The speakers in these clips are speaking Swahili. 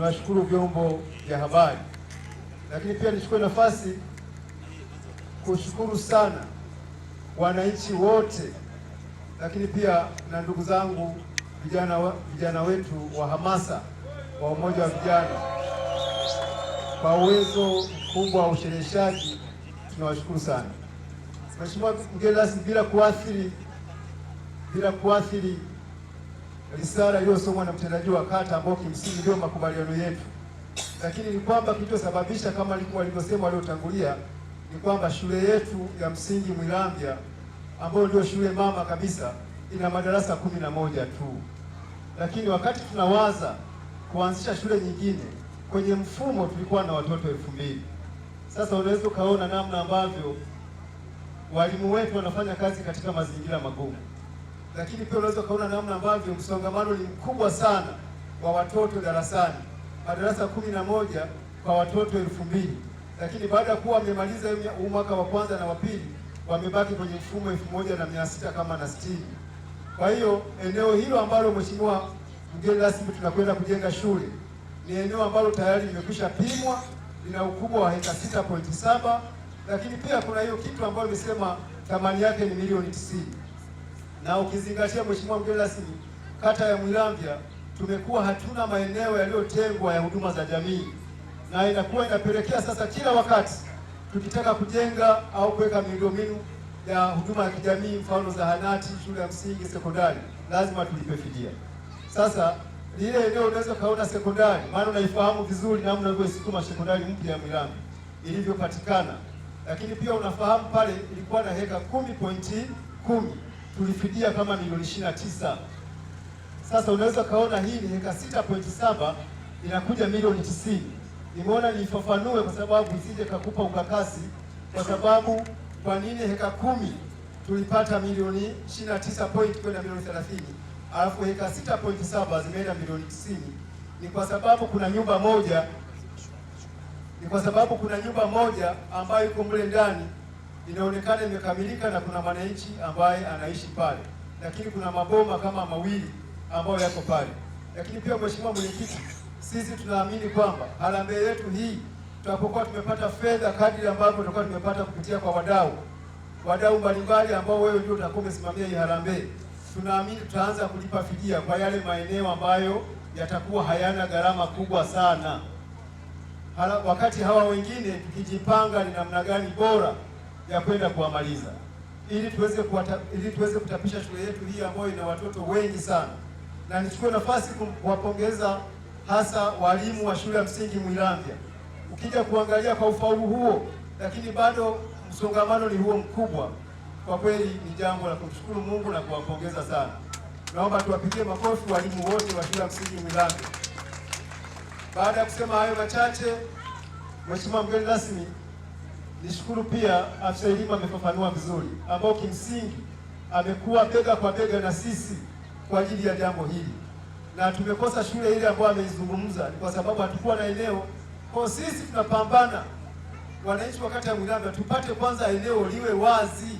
Nawashukuru vyombo vya habari, lakini pia nichukue nafasi kushukuru sana wananchi wote, lakini pia na ndugu zangu vijana vijana wetu wa hamasa wa umoja wa vijana kwa uwezo mkubwa wa ushereheshaji, tunawashukuru sana. Mheshimiwa mgeni rasmi, bila kuathiri bila kuathiri risala iliyosomwa na mtendaji wa kata ambao kimsingi ndio makubaliano yetu, lakini ni kwamba kilichosababisha kama walivyosema waliotangulia ni kwamba shule yetu ya msingi Mwilambya ambayo ndio shule mama kabisa ina madarasa kumi na moja tu, lakini wakati tunawaza kuanzisha shule nyingine kwenye mfumo tulikuwa na watoto elfu mbili. Sasa unaweza ukaona namna ambavyo walimu wetu wanafanya kazi katika mazingira magumu lakini pia unaweza ukaona namna ambavyo msongamano ni mkubwa sana wa watoto darasani, madarasa kumi na moja kwa watoto elfu mbili lakini baada ya kuwa wamemaliza huu mwaka wa kwanza na wa pili wamebaki kwenye mfumo elfu moja na mia sita kama na sitini. Kwa hiyo eneo hilo ambalo mheshimiwa mgeni rasmi tunakwenda kujenga shule ni eneo ambalo tayari limekwisha pimwa, lina ukubwa wa heka saba, lakini pia kuna hiyo kitu ambayo imesema thamani yake ni milioni 90 na ukizingatia Mheshimiwa mgeni rasmi, kata ya mwilambya tumekuwa hatuna maeneo yaliyotengwa ya huduma za jamii, na inakuwa inapelekea sasa kila wakati tukitaka kujenga au kuweka miundombinu ya huduma ya kijamii, mfano zahanati, shule ya msingi, sekondari, lazima tulipe fidia. Sasa lile eneo unaweza ukaona sekondari, maana unaifahamu vizuri namna ulivyosukuma sekondari mpya ya Mwilamvya ilivyopatikana, lakini pia unafahamu pale ilikuwa na heka kumi pointi kumi tulifidia kama milioni ishirini tisa. Sasa unaweza ukaona hii ni heka sita pointi saba inakuja milioni tisini. Nimeona nifafanue kwa sababu isije kakupa ukakasi, kwa sababu kwa nini heka kumi tulipata milioni ishirini tisa point kwenda milioni 30 alafu heka sita pointi saba zimeenda milioni tisini Ni kwa sababu kuna nyumba moja, ni kwa sababu kuna nyumba moja ambayo iko mle ndani inaonekana imekamilika na kuna mwananchi ambaye anaishi pale, lakini kuna maboma kama mawili ambayo yako pale. Lakini pia Mheshimiwa Mwenyekiti, sisi tunaamini kwamba harambee yetu hii tunapokuwa tumepata fedha kadri ambavyo tutakuwa tumepata kupitia kwa wadau wadau mbalimbali ambao wewe ndio utakuwa umesimamia hii harambee, tunaamini tutaanza kulipa fidia kwa yale maeneo ambayo yatakuwa hayana gharama kubwa sana. Hala, wakati hawa wengine tukijipanga ni namna gani bora ya kwenda kuwamaliza ili tuweze kuwata, ili tuweze kutapisha shule yetu hii ambayo ina watoto wengi sana, na nichukue nafasi kuwapongeza hasa walimu wa shule ya msingi Mwilambya. Ukija kuangalia kwa ufaulu huo, lakini bado msongamano ni huo mkubwa, kwa kweli ni jambo la kumshukuru Mungu na kuwapongeza sana. Naomba tuwapigie makofi walimu wote wa shule ya msingi Mwilambya. Baada ya kusema hayo machache, Mheshimiwa mgeni rasmi Nishukuru pia afisa elimu amefafanua vizuri, ambao kimsingi amekuwa bega kwa bega na sisi kwa ajili ya jambo hili, na tumekosa shule ile ambayo ameizungumza ni kwa sababu hatukuwa na eneo. Kwa sisi tunapambana wananchi wa kata ya tupate kwanza eneo liwe wazi,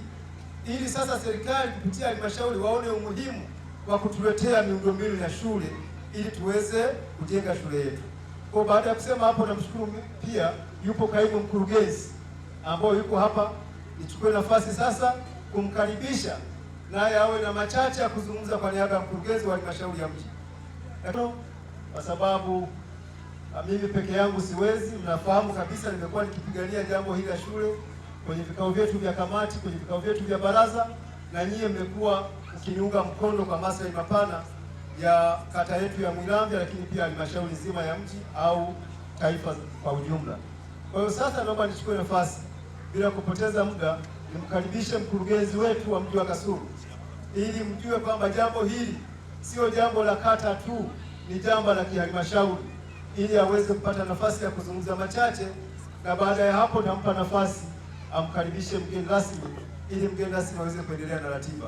ili sasa serikali kupitia halmashauri waone umuhimu wa kutuletea miundombinu ya shule ili tuweze kujenga shule yetu. Kwa baada ya kusema hapo, namshukuru pia, yupo kaimu mkurugenzi ambayo yuko hapa, nichukue nafasi sasa kumkaribisha naye awe na machache ya kuzungumza kwa niaba ya mkurugenzi wa halmashauri ya mji, kwa sababu ah, mimi peke yangu siwezi. Mnafahamu kabisa nimekuwa nikipigania jambo hili la shule kwenye vikao vyetu vya kamati, kwenye vikao vyetu vya baraza, na nyie mmekuwa mkiniunga mkono kwa maslahi mapana ya kata yetu ya Mwilambe, lakini pia halmashauri nzima ya mji au taifa kwa ujumla. Kwa hiyo sasa naomba nichukue nafasi bila kupoteza muda, nimkaribishe mkurugenzi wetu wa mji wa Kasulu ili mjue kwamba jambo hili sio jambo la kata tu, ni jambo la kihalmashauri, ili aweze kupata nafasi ya kuzungumza machache, na baada ya hapo nampa nafasi amkaribishe mgeni rasmi ili mgeni rasmi aweze kuendelea na ratiba.